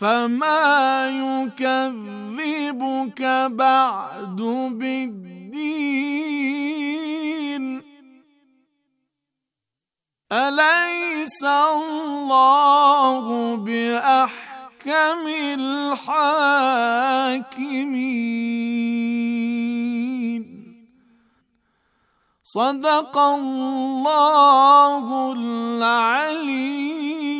فما يكذبك بعد بالدين أليس الله بأحكم الحاكمين صدق الله العليم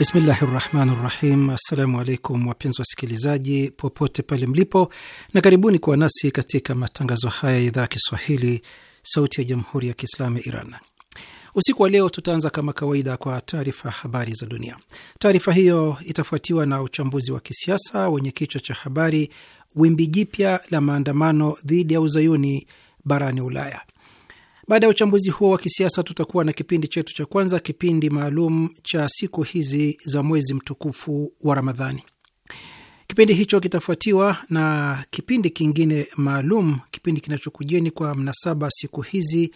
Bismillahi rahmani rahim. Assalamu alaikum wapenzi wasikilizaji popote pale mlipo, na karibuni kuwa nasi katika matangazo haya ya idhaa ya Kiswahili, Sauti ya Jamhuri ya Kiislamu ya Iran. Usiku wa leo tutaanza kama kawaida kwa taarifa ya habari za dunia. Taarifa hiyo itafuatiwa na uchambuzi wa kisiasa wenye kichwa cha habari, wimbi jipya la maandamano dhidi ya uzayuni barani Ulaya. Baada ya uchambuzi huo wa kisiasa, tutakuwa na kipindi chetu cha kwanza, kipindi maalum cha siku hizi za mwezi mtukufu wa Ramadhani. Kipindi hicho kitafuatiwa na kipindi kingine maalum, kipindi kinachokujeni kwa mnasaba siku hizi,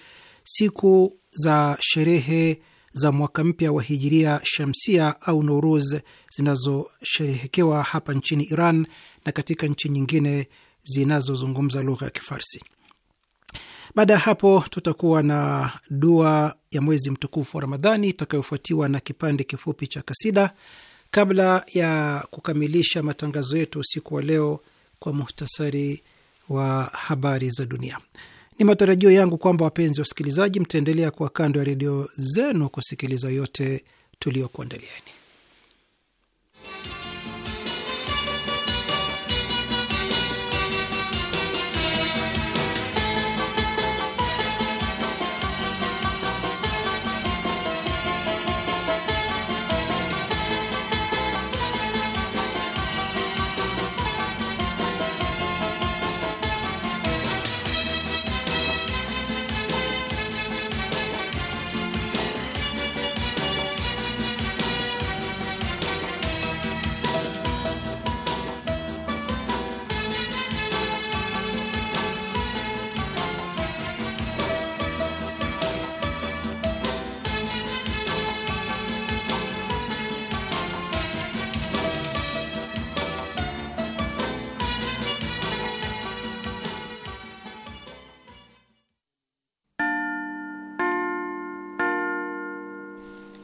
siku za sherehe za mwaka mpya wa hijiria shamsia au Nowruz zinazosherehekewa hapa nchini Iran na katika nchi nyingine zinazozungumza lugha ya Kifarsi. Baada ya hapo, tutakuwa na dua ya mwezi mtukufu wa Ramadhani itakayofuatiwa na kipande kifupi cha kasida kabla ya kukamilisha matangazo yetu usiku wa leo kwa muhtasari wa habari za dunia. Ni matarajio yangu kwamba wapenzi wasikilizaji, mtaendelea kuwa kando ya redio zenu kusikiliza yote tuliyokuandalieni.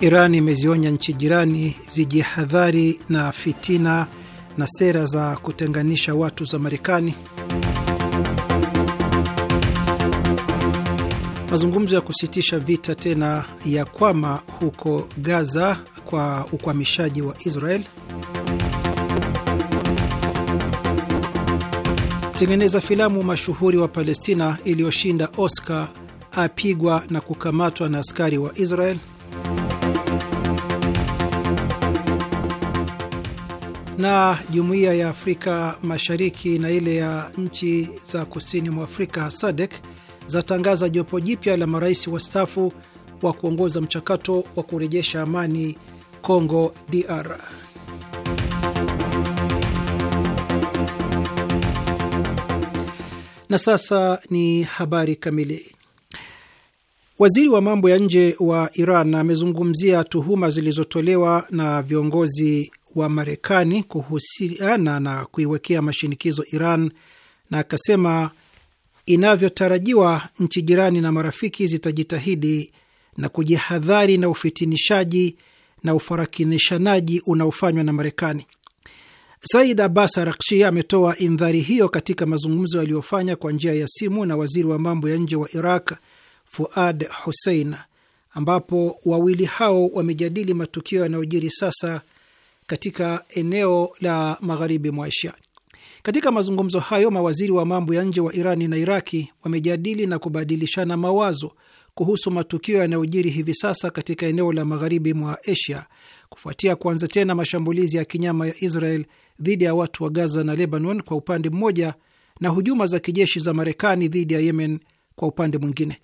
Iran imezionya nchi jirani zijihadhari na fitina na sera za kutenganisha watu za Marekani. Mazungumzo ya kusitisha vita tena ya kwama huko Gaza kwa ukwamishaji wa Israel. Mtengeneza filamu mashuhuri wa Palestina iliyoshinda Oscar apigwa na kukamatwa na askari wa Israel. na Jumuiya ya Afrika Mashariki na ile ya nchi za kusini mwa Afrika SADC zatangaza jopo jipya la marais wastaafu wa kuongoza mchakato wa kurejesha amani congo DR. Na sasa ni habari kamili. Waziri wa mambo ya nje wa Iran amezungumzia tuhuma zilizotolewa na viongozi wa Marekani kuhusiana na kuiwekea mashinikizo Iran na akasema inavyotarajiwa nchi jirani na marafiki zitajitahidi na kujihadhari na ufitinishaji na ufarakinishanaji unaofanywa na Marekani. Said Abbas Arakshi ametoa indhari hiyo katika mazungumzo yaliyofanya kwa njia ya simu na waziri wa mambo ya nje wa Iraq Fuad Hussein, ambapo wawili hao wamejadili matukio yanayojiri sasa katika eneo la magharibi mwa Asia. Katika mazungumzo hayo, mawaziri wa mambo ya nje wa Irani na Iraki wamejadili na kubadilishana mawazo kuhusu matukio yanayojiri hivi sasa katika eneo la magharibi mwa Asia kufuatia kuanza tena mashambulizi ya kinyama ya Israel dhidi ya watu wa Gaza na Lebanon kwa upande mmoja na hujuma za kijeshi za Marekani dhidi ya Yemen kwa upande mwingine.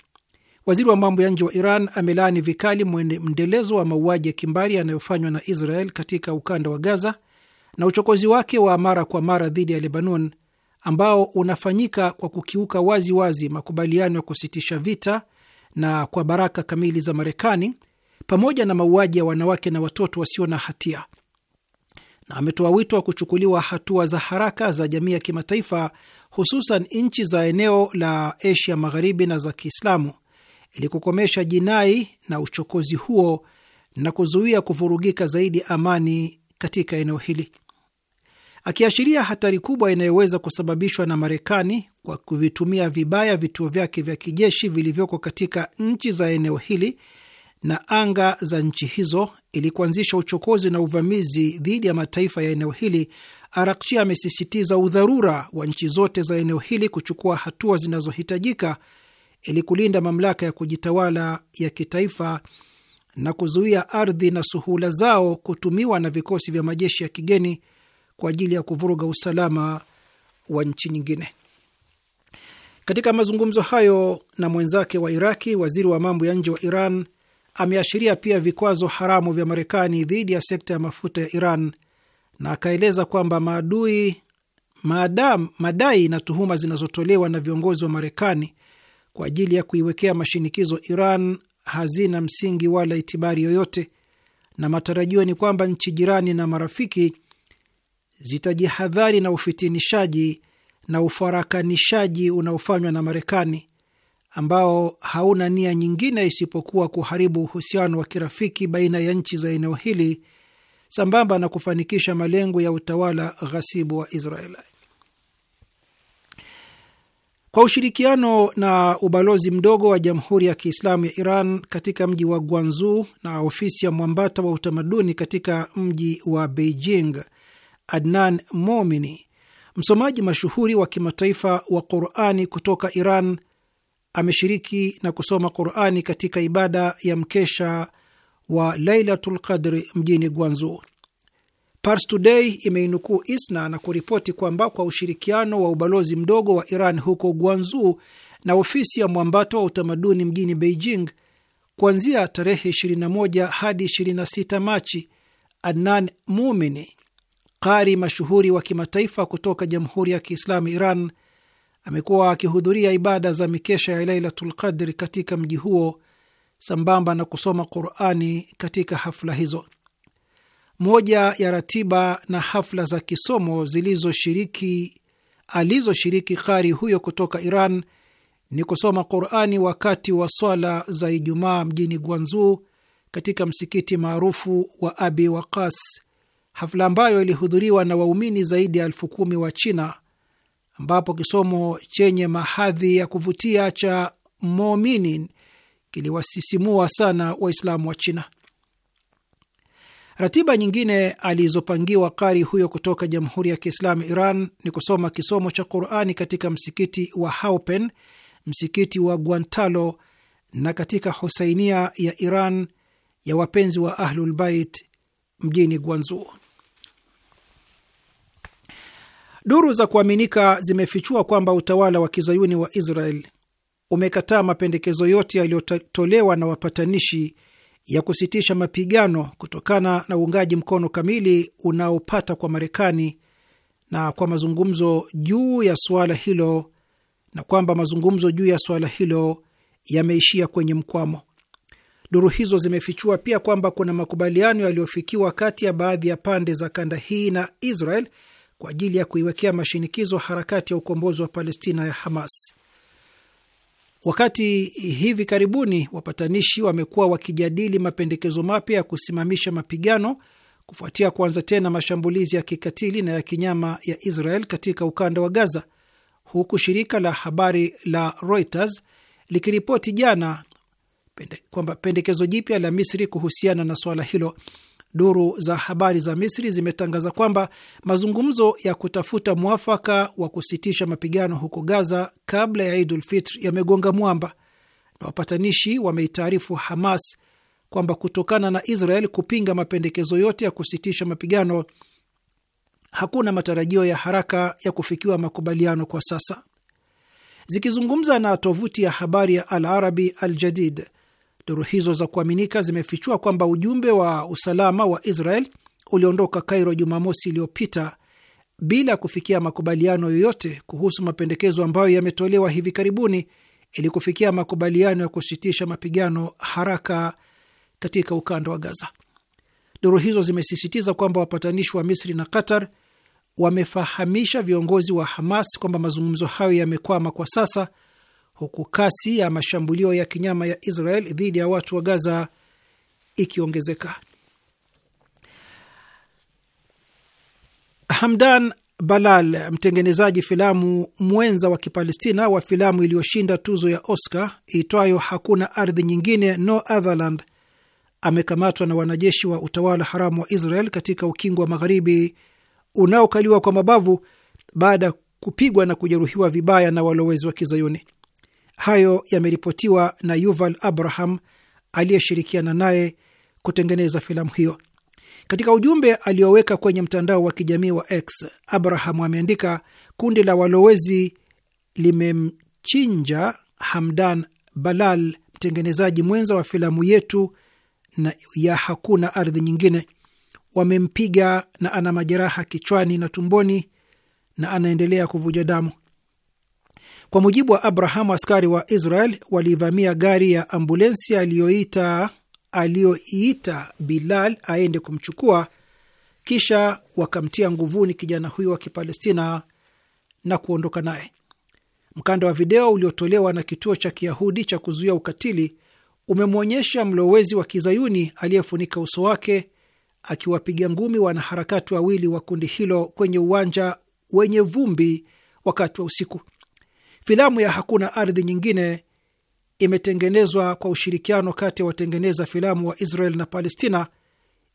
Waziri wa mambo ya nje wa Iran amelaani vikali mendelezo wa mauaji ya kimbari yanayofanywa na Israel katika ukanda wa Gaza na uchokozi wake wa mara kwa mara dhidi ya Lebanon ambao unafanyika kwa kukiuka wazi wazi makubaliano ya kusitisha vita na kwa baraka kamili za Marekani pamoja na mauaji ya wanawake na watoto wasio na hatia, na ametoa wito wa kuchukuliwa hatua za haraka za jamii ya kimataifa, hususan nchi za eneo la Asia Magharibi na za Kiislamu ili kukomesha jinai na uchokozi huo na kuzuia kuvurugika zaidi amani katika eneo hili, akiashiria hatari kubwa inayoweza kusababishwa na Marekani kwa kuvitumia vibaya vituo vyake vya kijeshi vilivyoko katika nchi za eneo hili na anga za nchi hizo ili kuanzisha uchokozi na uvamizi dhidi ya mataifa ya eneo hili. Arakchi amesisitiza udharura wa nchi zote za eneo hili kuchukua hatua zinazohitajika ili kulinda mamlaka ya kujitawala ya kitaifa na kuzuia ardhi na suhula zao kutumiwa na vikosi vya majeshi ya kigeni kwa ajili ya kuvuruga usalama wa nchi nyingine. Katika mazungumzo hayo na mwenzake wa Iraki, waziri wa mambo ya nje wa Iran ameashiria pia vikwazo haramu vya Marekani dhidi ya sekta ya mafuta ya Iran na akaeleza kwamba maadui maadam, madai na tuhuma zinazotolewa na viongozi wa Marekani kwa ajili ya kuiwekea mashinikizo Iran hazina msingi wala itibari yoyote, na matarajio ni kwamba nchi jirani na marafiki zitajihadhari na ufitinishaji na ufarakanishaji unaofanywa na Marekani ambao hauna nia nyingine isipokuwa kuharibu uhusiano wa kirafiki baina ya nchi za eneo hili sambamba na kufanikisha malengo ya utawala ghasibu wa Israeli. Kwa ushirikiano na ubalozi mdogo wa Jamhuri ya Kiislamu ya Iran katika mji wa Guangzhou na ofisi ya mwambata wa utamaduni katika mji wa Beijing, Adnan Momini, msomaji mashuhuri wa kimataifa wa Qurani kutoka Iran, ameshiriki na kusoma Qurani katika ibada ya mkesha wa Lailatul Qadri mjini Guangzhou. Pars Today imeinukuu ISNA na kuripoti kwamba kwa ushirikiano wa ubalozi mdogo wa Iran huko Guangzhou na ofisi ya mwambato wa utamaduni mjini Beijing, kuanzia tarehe 21 hadi 26 Machi, Adnan Mumini, qari mashuhuri wa kimataifa kutoka Jamhuri ya Kiislamu Iran, amekuwa akihudhuria ibada za mikesha ya Lailatul Qadri katika mji huo sambamba na kusoma Qurani katika hafla hizo moja ya ratiba na hafla za kisomo zilizoshiriki alizoshiriki qari huyo kutoka Iran ni kusoma Qurani wakati wa swala za Ijumaa mjini Guangzhou katika msikiti maarufu wa Abi Waqas, hafla ambayo ilihudhuriwa na waumini zaidi ya elfu kumi wa China, ambapo kisomo chenye mahadhi ya kuvutia cha Mominin kiliwasisimua sana Waislamu wa China. Ratiba nyingine alizopangiwa kari huyo kutoka Jamhuri ya Kiislamu Iran ni kusoma kisomo cha Qurani katika msikiti wa Haupen, msikiti wa guantalo na katika husainia ya Iran ya wapenzi wa Ahlulbait mjini Gwanzu. Duru za kuaminika zimefichua kwamba utawala wa kizayuni wa Israel umekataa mapendekezo yote yaliyotolewa na wapatanishi ya kusitisha mapigano kutokana na uungaji mkono kamili unaopata kwa Marekani na kwa mazungumzo juu ya suala hilo na kwamba mazungumzo juu ya suala hilo yameishia kwenye mkwamo. Duru hizo zimefichua pia kwamba kuna makubaliano yaliyofikiwa kati ya baadhi ya pande za kanda hii na Israel kwa ajili ya kuiwekea mashinikizo harakati ya ukombozi wa Palestina ya Hamas. Wakati hivi karibuni wapatanishi wamekuwa wakijadili mapendekezo mapya ya kusimamisha mapigano kufuatia kuanza tena mashambulizi ya kikatili na ya kinyama ya Israel katika ukanda wa Gaza, huku shirika la habari la Reuters likiripoti jana pende, kwamba pendekezo jipya la Misri kuhusiana na suala hilo Duru za habari za Misri zimetangaza kwamba mazungumzo ya kutafuta mwafaka wa kusitisha mapigano huko Gaza kabla ya Idul Fitr yamegonga mwamba, na wapatanishi wameitaarifu Hamas kwamba kutokana na Israel kupinga mapendekezo yote ya kusitisha mapigano, hakuna matarajio ya haraka ya kufikiwa makubaliano kwa sasa. Zikizungumza na tovuti ya habari ya Al Arabi Al Jadid, Duru hizo za kuaminika zimefichua kwamba ujumbe wa usalama wa Israel uliondoka Kairo Jumamosi iliyopita bila kufikia makubaliano yoyote kuhusu mapendekezo ambayo yametolewa hivi karibuni ili kufikia makubaliano ya kusitisha mapigano haraka katika ukanda wa Gaza. Duru hizo zimesisitiza kwamba wapatanishi wa Misri na Qatar wamefahamisha viongozi wa Hamas kwamba mazungumzo hayo yamekwama kwa sasa huku kasi ya mashambulio ya kinyama ya Israel dhidi ya watu wa Gaza ikiongezeka. Hamdan Balal, mtengenezaji filamu mwenza wa Kipalestina wa filamu iliyoshinda tuzo ya Oscar itwayo Hakuna Ardhi Nyingine, No Other Land, amekamatwa na wanajeshi wa utawala haramu wa Israel katika ukingo wa Magharibi unaokaliwa kwa mabavu baada ya kupigwa na kujeruhiwa vibaya na walowezi wa Kizayuni. Hayo yameripotiwa na Yuval Abraham aliyeshirikiana naye kutengeneza filamu hiyo. Katika ujumbe alioweka kwenye mtandao wa kijamii wa X, Abraham ameandika, kundi la walowezi limemchinja Hamdan Balal, mtengenezaji mwenza wa filamu yetu na ya hakuna ardhi nyingine. Wamempiga na ana majeraha kichwani na tumboni na anaendelea kuvuja damu. Kwa mujibu wa Abraham, askari wa Israel walivamia gari ya ambulensi aliyoita aliyoiita Bilal aende kumchukua, kisha wakamtia nguvuni kijana huyo wa Kipalestina na kuondoka naye. Mkanda wa video uliotolewa na kituo cha Kiyahudi cha kuzuia ukatili umemwonyesha mlowezi wa Kizayuni aliyefunika uso wake akiwapiga ngumi wanaharakati wawili wa kundi hilo kwenye uwanja wenye vumbi wakati wa usiku. Filamu ya Hakuna Ardhi Nyingine imetengenezwa kwa ushirikiano kati ya watengeneza filamu wa Israel na Palestina,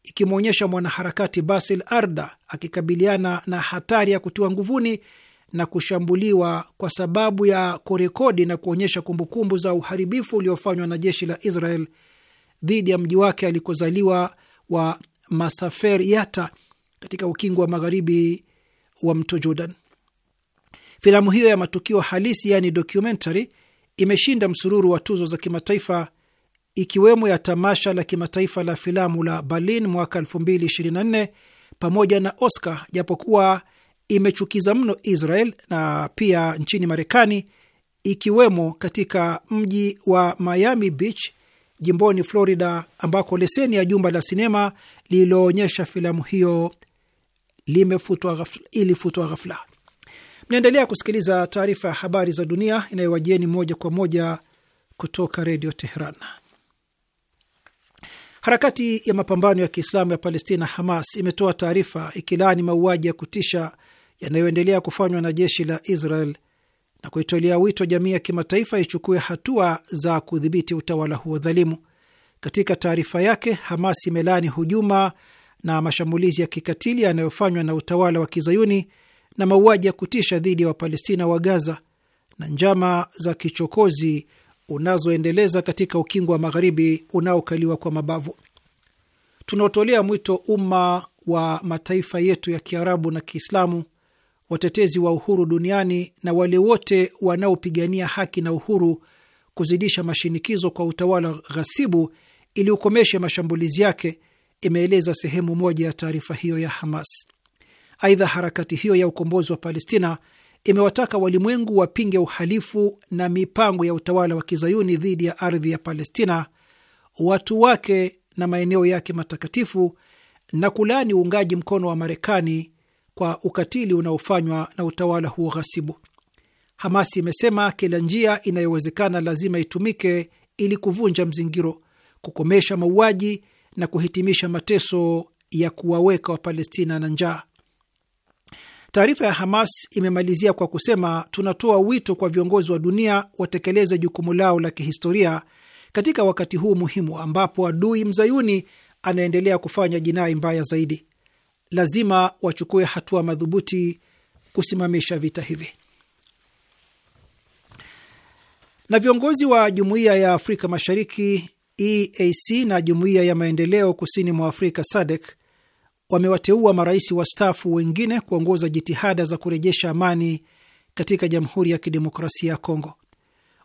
ikimwonyesha mwanaharakati Basil Arda akikabiliana na hatari ya kutiwa nguvuni na kushambuliwa kwa sababu ya kurekodi na kuonyesha kumbukumbu za uharibifu uliofanywa na jeshi la Israel dhidi ya mji wake alikozaliwa wa Masafer yata katika ukingo wa magharibi wa mto Jordan. Filamu hiyo ya matukio halisi, yani documentary, imeshinda msururu wa tuzo za kimataifa ikiwemo ya tamasha la kimataifa la filamu la Berlin mwaka 2024 pamoja na Oscar, japokuwa imechukiza mno Israel na pia nchini Marekani, ikiwemo katika mji wa Miami Beach jimboni Florida, ambako leseni ya jumba la sinema lililoonyesha filamu hiyo ilifutwa ghafla. Mnaendelea kusikiliza taarifa ya habari za dunia inayowajieni moja kwa moja kutoka redio Tehran. Harakati ya mapambano ya Kiislamu ya Palestina, Hamas, imetoa taarifa ikilaani mauaji ya kutisha yanayoendelea kufanywa na jeshi la Israel na kuitolea wito jamii ya kimataifa ichukue hatua za kudhibiti utawala huo dhalimu. Katika taarifa yake, Hamas imelaani hujuma na mashambulizi ya kikatili yanayofanywa na utawala wa kizayuni na mauaji ya kutisha dhidi ya Wapalestina wa Gaza na njama za kichokozi unazoendeleza katika ukingo wa magharibi unaokaliwa kwa mabavu. Tunaotolea mwito umma wa mataifa yetu ya Kiarabu na Kiislamu, watetezi wa uhuru duniani na wale wote wanaopigania haki na uhuru kuzidisha mashinikizo kwa utawala ghasibu ili ukomeshe mashambulizi yake, imeeleza sehemu moja ya taarifa hiyo ya Hamas. Aidha, harakati hiyo ya ukombozi wa Palestina imewataka walimwengu wapinge uhalifu na mipango ya utawala wa kizayuni dhidi ya ardhi ya Palestina, watu wake na maeneo yake matakatifu, na kulaani uungaji mkono wa Marekani kwa ukatili unaofanywa na utawala huo ghasibu. Hamasi imesema kila njia inayowezekana lazima itumike ili kuvunja mzingiro, kukomesha mauaji na kuhitimisha mateso ya kuwaweka Wapalestina na njaa. Taarifa ya Hamas imemalizia kwa kusema, tunatoa wito kwa viongozi wa dunia watekeleze jukumu lao la kihistoria katika wakati huu muhimu ambapo adui mzayuni anaendelea kufanya jinai mbaya zaidi. Lazima wachukue hatua madhubuti kusimamisha vita hivi. Na viongozi wa Jumuiya ya Afrika Mashariki EAC na Jumuiya ya Maendeleo Kusini mwa Afrika SADC wamewateua marais wastaafu wengine kuongoza jitihada za kurejesha amani katika Jamhuri ya Kidemokrasia ya Kongo.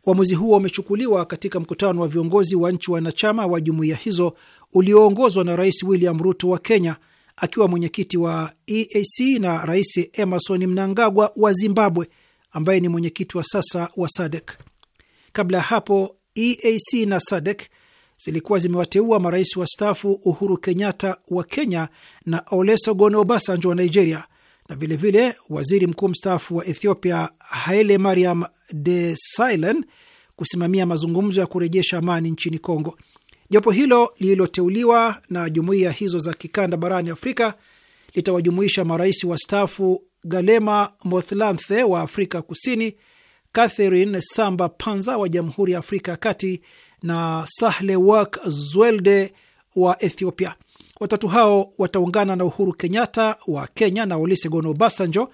Uamuzi huo umechukuliwa katika mkutano wa viongozi wa nchi wanachama wa jumuiya hizo ulioongozwa na Rais William Ruto wa Kenya akiwa mwenyekiti wa EAC na Rais Emerson Mnangagwa wa Zimbabwe ambaye ni mwenyekiti wa sasa wa SADC. Kabla ya hapo, EAC na SADC zilikuwa zimewateua marais wastaafu Uhuru Kenyatta wa Kenya na Olusegun Obasanjo wa Nigeria na vilevile vile, waziri mkuu mstaafu wa Ethiopia Haile Mariam Desalegn kusimamia mazungumzo ya kurejesha amani nchini Kongo. Jopo hilo lililoteuliwa na jumuiya hizo za kikanda barani Afrika litawajumuisha marais wastaafu Galema Motlanthe wa Afrika Kusini, Catherine Samba Panza wa Jamhuri ya Afrika ya Kati na Sahle Work Zwelde wa Ethiopia. Watatu hao wataungana na Uhuru Kenyatta wa Kenya na Olusegun Obasanjo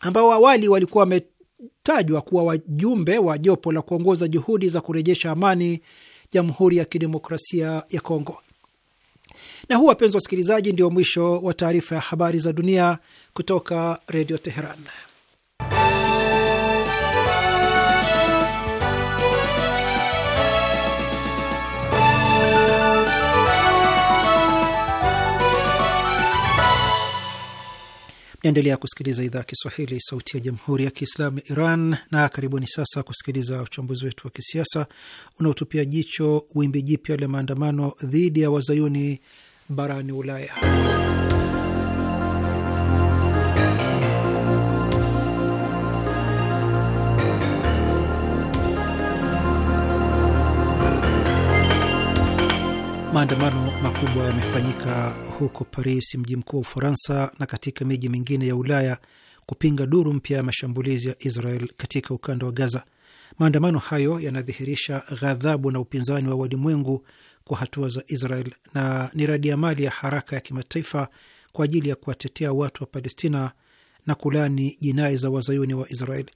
ambao awali walikuwa wametajwa kuwa wajumbe wa jopo la kuongoza juhudi za kurejesha amani Jamhuri ya Kidemokrasia ya Kongo. Na huu, wapenzi wasikilizaji, ndio mwisho wa taarifa ya habari za dunia kutoka Redio Teheran. Naendelea kusikiliza idhaa ya Kiswahili, sauti ya jamhuri ya kiislamu ya Iran. Na karibuni sasa kusikiliza uchambuzi wetu wa kisiasa unaotupia jicho wimbi jipya la maandamano dhidi ya wazayuni barani Ulaya. Maandamano makubwa yamefanyika huko Paris, mji mkuu wa Ufaransa, na katika miji mingine ya Ulaya kupinga duru mpya ya mashambulizi ya Israel katika ukanda wa Gaza. Maandamano hayo yanadhihirisha ghadhabu na upinzani wa walimwengu kwa hatua za Israel na ni radi ya mali ya haraka ya kimataifa kwa ajili ya kuwatetea watu wa Palestina na kulani jinai za wazayuni wa Israel.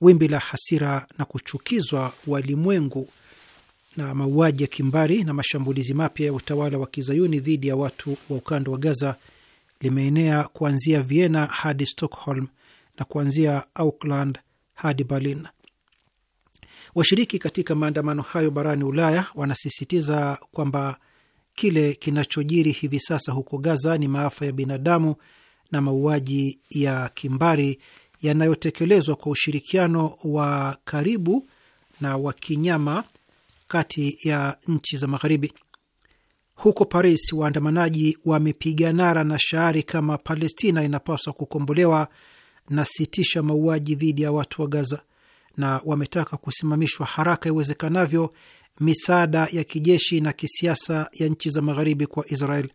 Wimbi la hasira na kuchukizwa walimwengu na mauaji ya kimbari na mashambulizi mapya ya utawala wa kizayuni dhidi ya watu wa ukanda wa Gaza limeenea kuanzia Vienna hadi Stockholm na kuanzia Auckland hadi Berlin. Washiriki katika maandamano hayo barani Ulaya wanasisitiza kwamba kile kinachojiri hivi sasa huko Gaza ni maafa ya binadamu na mauaji ya kimbari yanayotekelezwa kwa ushirikiano wa karibu na wa kinyama kati ya nchi za Magharibi. Huko Paris, waandamanaji wamepiga nara na shaari kama Palestina inapaswa kukombolewa na sitisha mauaji dhidi ya watu wa Gaza, na wametaka kusimamishwa haraka iwezekanavyo misaada ya kijeshi na kisiasa ya nchi za Magharibi kwa Israel.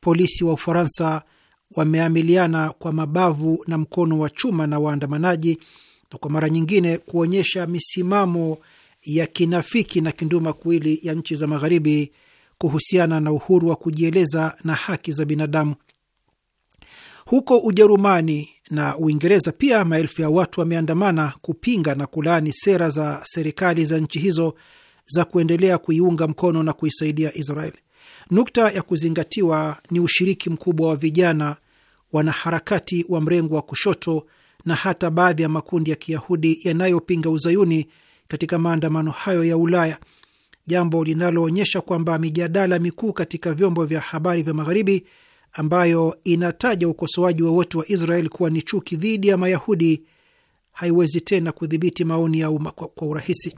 Polisi wa Ufaransa wameamiliana kwa mabavu na mkono wa chuma na waandamanaji na kwa mara nyingine kuonyesha misimamo ya kinafiki na kinduma kuwili ya nchi za Magharibi kuhusiana na uhuru wa kujieleza na haki za binadamu. Huko Ujerumani na Uingereza pia maelfu ya watu wameandamana kupinga na kulaani sera za serikali za nchi hizo za kuendelea kuiunga mkono na kuisaidia Israel. Nukta ya kuzingatiwa ni ushiriki mkubwa wa vijana, wanaharakati wa mrengo wa kushoto na hata baadhi ya makundi ya Kiyahudi yanayopinga uzayuni katika maandamano hayo ya Ulaya, jambo linaloonyesha kwamba mijadala mikuu katika vyombo vya habari vya Magharibi ambayo inataja ukosoaji wowote wa, wa Israel kuwa ni chuki dhidi ya Mayahudi haiwezi tena kudhibiti maoni ya umma kwa urahisi.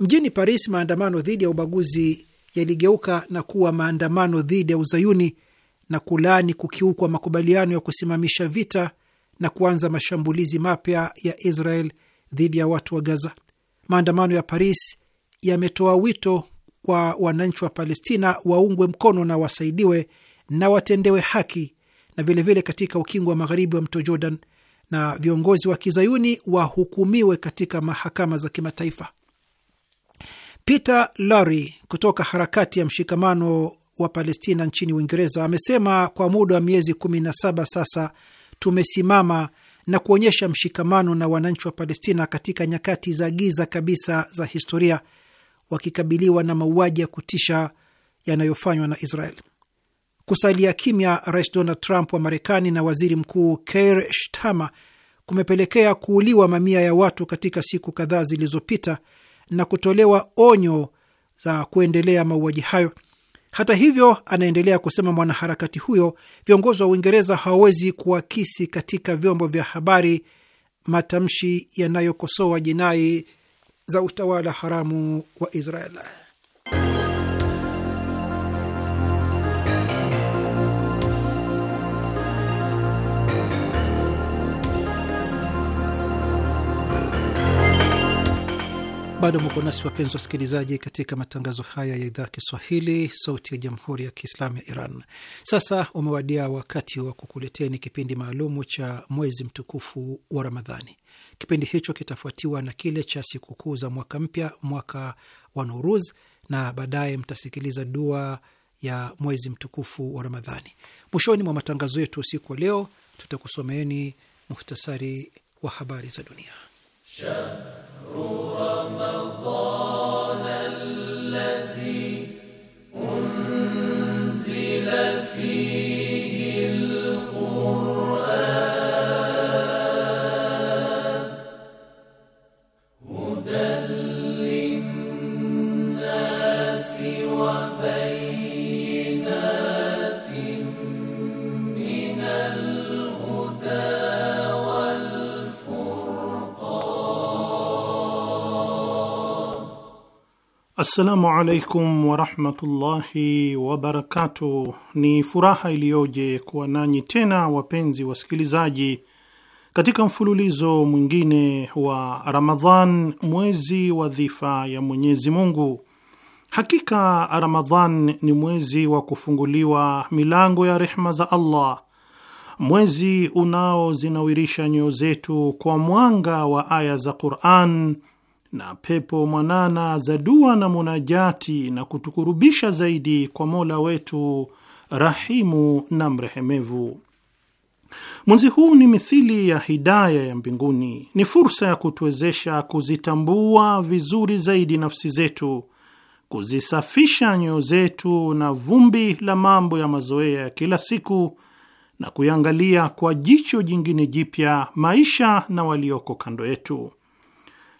Mjini Paris, maandamano dhidi ya ubaguzi yaligeuka na kuwa maandamano dhidi ya Uzayuni na kulaani kukiukwa makubaliano ya kusimamisha vita na kuanza mashambulizi mapya ya Israel dhidi ya watu wa Gaza. Maandamano ya Paris yametoa wito kwa wananchi wa Palestina waungwe mkono na wasaidiwe na watendewe haki, na vilevile vile katika ukingo wa magharibi wa mto Jordan, na viongozi wa kizayuni wahukumiwe katika mahakama za kimataifa. Peter Lary kutoka harakati ya mshikamano wa Palestina nchini Uingereza amesema kwa muda wa miezi 17 sasa tumesimama na kuonyesha mshikamano na wananchi wa Palestina katika nyakati za giza kabisa za historia, wakikabiliwa na mauaji ya kutisha yanayofanywa na Israel. Kusalia kimya Rais Donald Trump wa Marekani na waziri mkuu Keir Starmer kumepelekea kuuliwa mamia ya watu katika siku kadhaa zilizopita na kutolewa onyo za kuendelea mauaji hayo. Hata hivyo, anaendelea kusema mwanaharakati huyo, viongozi wa Uingereza hawawezi kuakisi katika vyombo vya habari matamshi yanayokosoa jinai za utawala haramu wa Israel. Bado mko nasi wapenzi wasikilizaji, katika matangazo haya ya idhaa Kiswahili sauti ya jamhuri ya kiislamu ya Iran. Sasa umewadia wakati wa kukuleteni kipindi maalumu cha mwezi mtukufu wa Ramadhani. Kipindi hicho kitafuatiwa na kile cha sikukuu za mwaka mpya, mwaka wa Nuruz, na baadaye mtasikiliza dua ya mwezi mtukufu wa Ramadhani. Mwishoni mwa matangazo yetu usiku wa leo, tutakusomeeni muhtasari wa habari za dunia Shana. رمضان Assalamu alaikum warahmatullahi wabarakatuh. Ni furaha iliyoje kuwa nanyi tena wapenzi wasikilizaji, katika mfululizo mwingine wa Ramadhan, mwezi wa dhifa ya Mwenyezi Mungu. Hakika Ramadhan ni mwezi wa kufunguliwa milango ya rehma za Allah, mwezi unaozinawirisha nyoyo zetu kwa mwanga wa aya za Quran na pepo mwanana za dua na munajati na kutukurubisha zaidi kwa Mola wetu rahimu na mrehemevu. Mwenzi huu ni mithili ya hidaya ya mbinguni, ni fursa ya kutuwezesha kuzitambua vizuri zaidi nafsi zetu, kuzisafisha nyoyo zetu na vumbi la mambo ya mazoea ya kila siku na kuyangalia kwa jicho jingine jipya maisha na walioko kando yetu.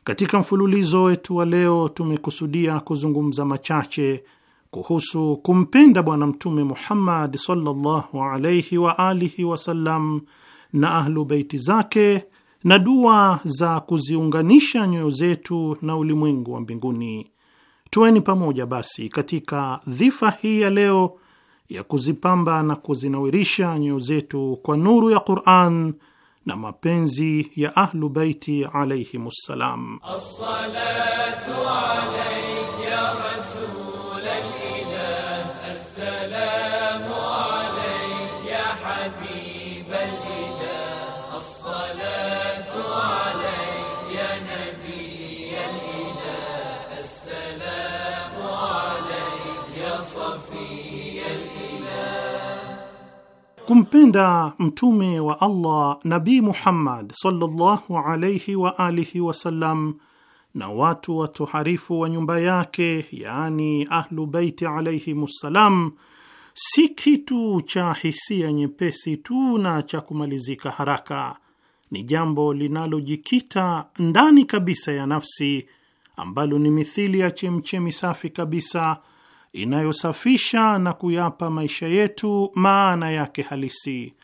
Katika mfululizo wetu wa leo tumekusudia kuzungumza machache kuhusu kumpenda Bwana Mtume Muhammad sallallahu alaihi wa alihi wasallam na ahlu beiti zake na dua za kuziunganisha nyoyo zetu na ulimwengu wa mbinguni. Tuweni pamoja basi katika dhifa hii ya leo ya kuzipamba na kuzinawirisha nyoyo zetu kwa nuru ya Quran na mapenzi ya Ahlu Beiti alayhimussalam. Assalatu alayhi Kumpenda mtume wa Allah nabi Muhammad sallallahu alayhi wa alihi wasallam na watu watoharifu wa nyumba yake, yaani Ahlu Baiti alayhimussalam, si kitu cha hisia nyepesi tu na cha kumalizika haraka. Ni jambo linalojikita ndani kabisa ya nafsi, ambalo ni mithili ya chemchemi safi kabisa inayosafisha na kuyapa maisha yetu maana yake halisi.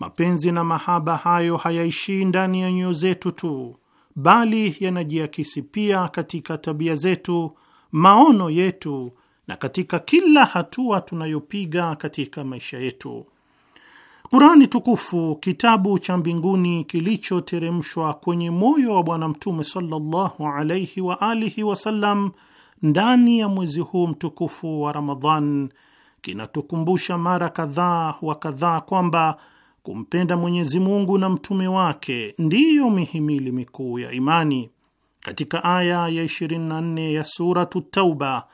Mapenzi na mahaba hayo hayaishii ndani ya nyoyo zetu tu, bali yanajiakisi pia katika tabia zetu, maono yetu, na katika kila hatua tunayopiga katika maisha yetu. Kurani tukufu, kitabu cha mbinguni kilichoteremshwa kwenye moyo wa Bwana Mtume sallallahu alaihi wa alihi wasallam ndani ya mwezi huu mtukufu wa Ramadhan kinatukumbusha mara kadhaa wa kadhaa kwamba kumpenda Mwenyezi Mungu na mtume wake ndiyo mihimili mikuu ya imani. Katika aya ya 24 ya Suratu Tauba,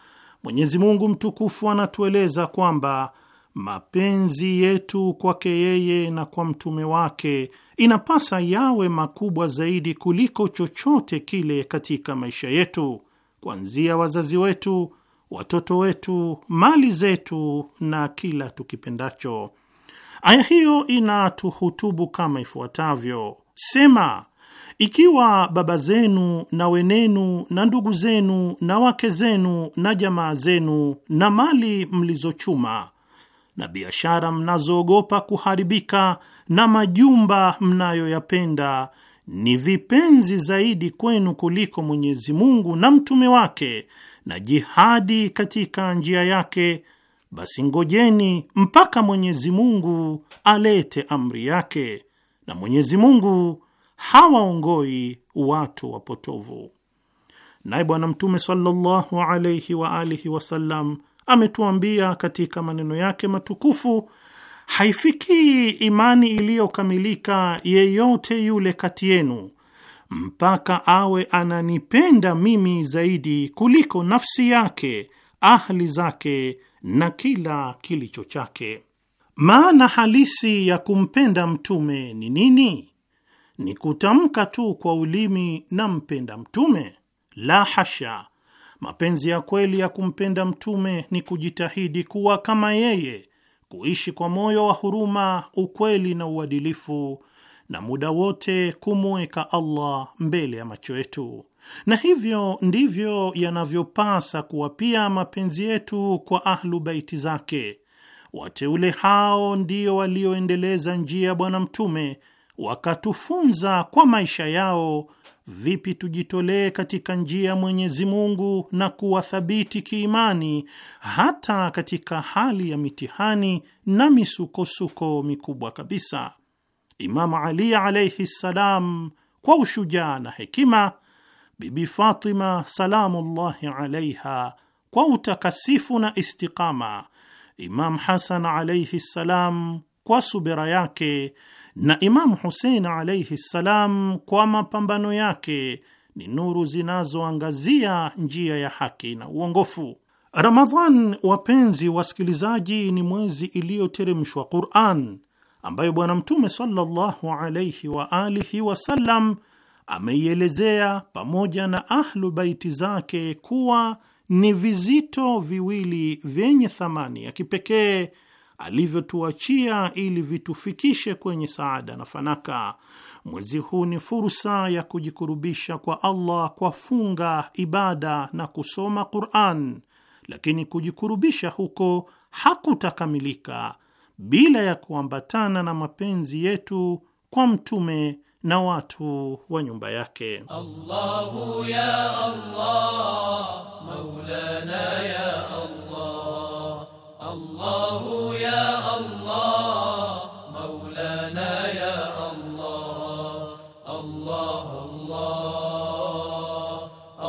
Mwenyezi Mungu mtukufu anatueleza kwamba mapenzi yetu kwake yeye na kwa mtume wake inapasa yawe makubwa zaidi kuliko chochote kile katika maisha yetu kuanzia wazazi wetu, watoto wetu, mali zetu na kila tukipendacho. Aya hiyo inatuhutubu kama ifuatavyo: Sema, ikiwa baba zenu na wenenu na ndugu zenu na wake zenu na jamaa zenu na mali mlizochuma na biashara mnazoogopa kuharibika na majumba mnayoyapenda ni vipenzi zaidi kwenu kuliko Mwenyezi Mungu na mtume wake na jihadi katika njia yake, basi ngojeni mpaka Mwenyezi Mungu alete amri yake, na Mwenyezi Mungu hawaongoi watu wapotovu. Naye Bwana Mtume sallallahu alayhi wa alihi wasallam ametuambia katika maneno yake matukufu haifikii imani iliyokamilika yeyote yule kati yenu mpaka awe ananipenda mimi zaidi kuliko nafsi yake, ahli zake na kila kilicho chake. Maana halisi ya kumpenda mtume ni nini? Ni kutamka tu kwa ulimi na mpenda mtume? La hasha! Mapenzi ya kweli ya kumpenda mtume ni kujitahidi kuwa kama yeye kuishi kwa moyo wa huruma, ukweli na uadilifu, na muda wote kumweka Allah mbele ya macho yetu. Na hivyo ndivyo yanavyopasa kuwa pia mapenzi yetu kwa Ahlu Baiti zake. Wateule hao ndio walioendeleza njia ya Bwana Mtume, wakatufunza kwa maisha yao vipi tujitolee katika njia ya Mwenyezi Mungu na kuwa thabiti kiimani hata katika hali ya mitihani na misukosuko mikubwa kabisa. Imamu Ali alaihi ssalam, kwa ushujaa na hekima, Bibi Fatima salamullahi alaiha kwa utakasifu na istiqama, Imam Hasan alaihi ssalam kwa subira yake na Imamu Husein alaihi ssalam kwa mapambano yake ni nuru zinazoangazia njia ya haki na uongofu. Ramadhan, wapenzi wasikilizaji, ni mwezi iliyoteremshwa Quran ambayo Bwana Mtume sallallahu alaihi wa alihi wasallam ameielezea pamoja na Ahlu Baiti zake kuwa ni vizito viwili vyenye thamani ya kipekee alivyotuachia ili vitufikishe kwenye saada na fanaka. Mwezi huu ni fursa ya kujikurubisha kwa Allah kwa funga, ibada na kusoma Quran, lakini kujikurubisha huko hakutakamilika bila ya kuambatana na mapenzi yetu kwa mtume na watu wa nyumba yake. Allahu ya Allah, Maulana ya Allah. الله يا الله مولانا يا الله الله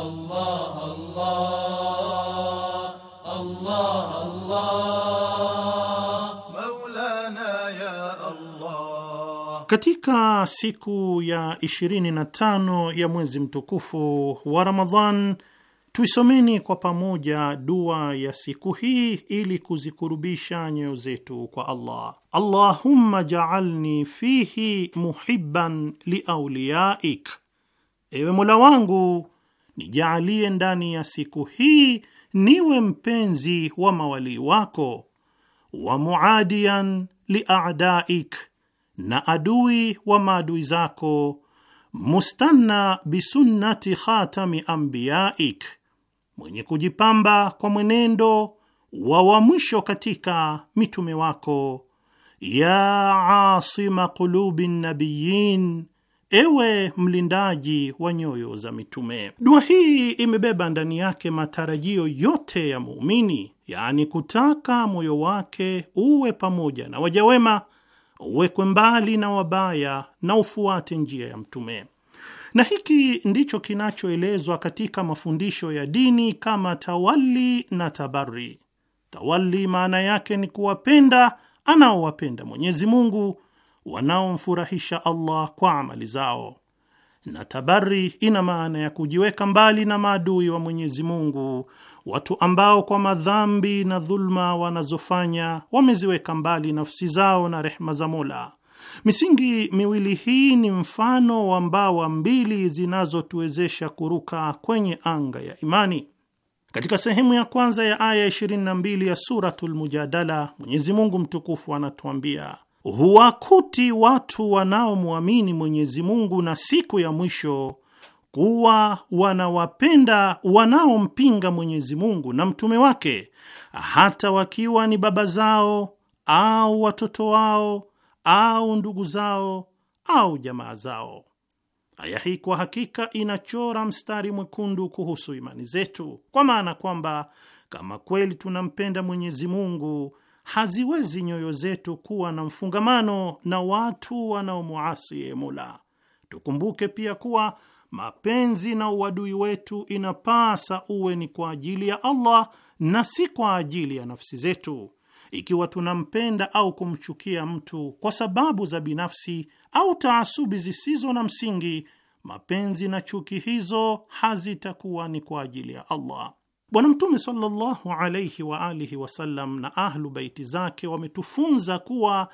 الله الله الله الله الله مولانا يا الله Katika siku ya 25 ya mwezi mtukufu wa Ramadhan Tuisomeni kwa pamoja dua ya siku hii ili kuzikurubisha nyoyo zetu kwa Allah. Allahumma jaalni fihi muhibban liauliyaik, ewe Mola wangu nijaalie ndani ya siku hii niwe mpenzi wa mawalii wako, wa muadian liadaik, na adui wa maadui zako, mustanna bisunnati khatami ambiyaik mwenye kujipamba kwa mwenendo wa wa mwisho katika mitume wako, ya asima qulubi nabiyin, ewe mlindaji wa nyoyo za mitume. Dua hii imebeba ndani yake matarajio yote ya muumini, yaani kutaka moyo wake uwe pamoja na wajawema, uwekwe mbali na wabaya na ufuate njia ya mtume na hiki ndicho kinachoelezwa katika mafundisho ya dini kama tawali na tabari. tawali maana yake ni kuwapenda anaowapenda Mwenyezi Mungu, wanaomfurahisha Allah kwa amali zao, na tabari ina maana ya kujiweka mbali na maadui wa Mwenyezi Mungu, watu ambao kwa madhambi na dhulma wanazofanya wameziweka mbali nafsi zao na rehma za Mola Misingi miwili hii ni mfano wa mbawa mbili zinazotuwezesha kuruka kwenye anga ya imani. Katika sehemu ya kwanza ya aya 22 ya Suratul Mujadala, Mwenyezi Mungu mtukufu anatuambia huwakuti watu wanaomwamini Mwenyezi Mungu na siku ya mwisho kuwa wanawapenda wanaompinga Mwenyezi Mungu na mtume wake, hata wakiwa ni baba zao au watoto wao au ndugu zao au jamaa zao. Aya hii kwa hakika inachora mstari mwekundu kuhusu imani zetu, kwa maana kwamba kama kweli tunampenda Mwenyezi Mungu, haziwezi nyoyo zetu kuwa na mfungamano na watu wanaomuasi Mola. Tukumbuke pia kuwa mapenzi na uadui wetu inapasa uwe ni kwa ajili ya Allah na si kwa ajili ya nafsi zetu ikiwa tunampenda au kumchukia mtu kwa sababu za binafsi au taasubi zisizo na msingi, mapenzi na chuki hizo hazitakuwa ni kwa ajili ya Allah. Bwana Mtume sallallahu alaihi wa alihi wasallam na Ahlu Baiti zake wametufunza kuwa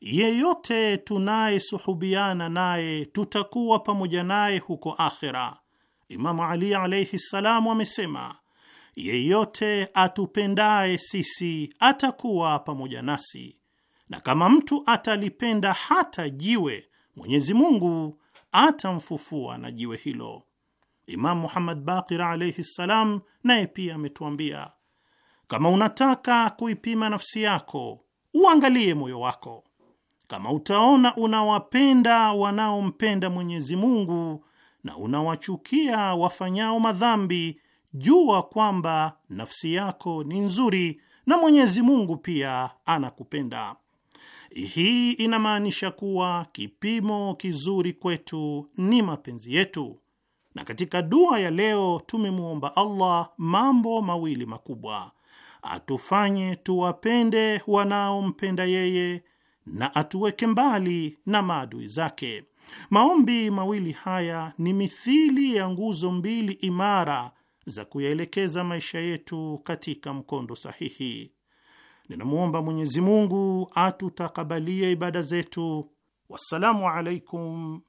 yeyote tunayesuhubiana naye tutakuwa pamoja naye huko akhira. Imamu Ali alaihi ssalamu amesema yeyote atupendaye sisi atakuwa pamoja nasi, na kama mtu atalipenda hata jiwe, Mwenyezi Mungu atamfufua na jiwe hilo. imamu Muhammad Baqir alaihi ssalam naye pia ametuambia, kama unataka kuipima nafsi yako, uangalie moyo wako. Kama utaona unawapenda wanaompenda Mwenyezi Mungu na unawachukia wafanyao madhambi jua kwamba nafsi yako ni nzuri na Mwenyezi Mungu pia anakupenda. Hii inamaanisha kuwa kipimo kizuri kwetu ni mapenzi yetu, na katika dua ya leo tumemwomba Allah mambo mawili makubwa: atufanye tuwapende wanaompenda yeye na atuweke mbali na maadui zake. Maombi mawili haya ni mithili ya nguzo mbili imara za kuyaelekeza maisha yetu katika mkondo sahihi. Ninamwomba Mwenyezi Mungu atutakabalie ibada zetu. Wassalamu alaikum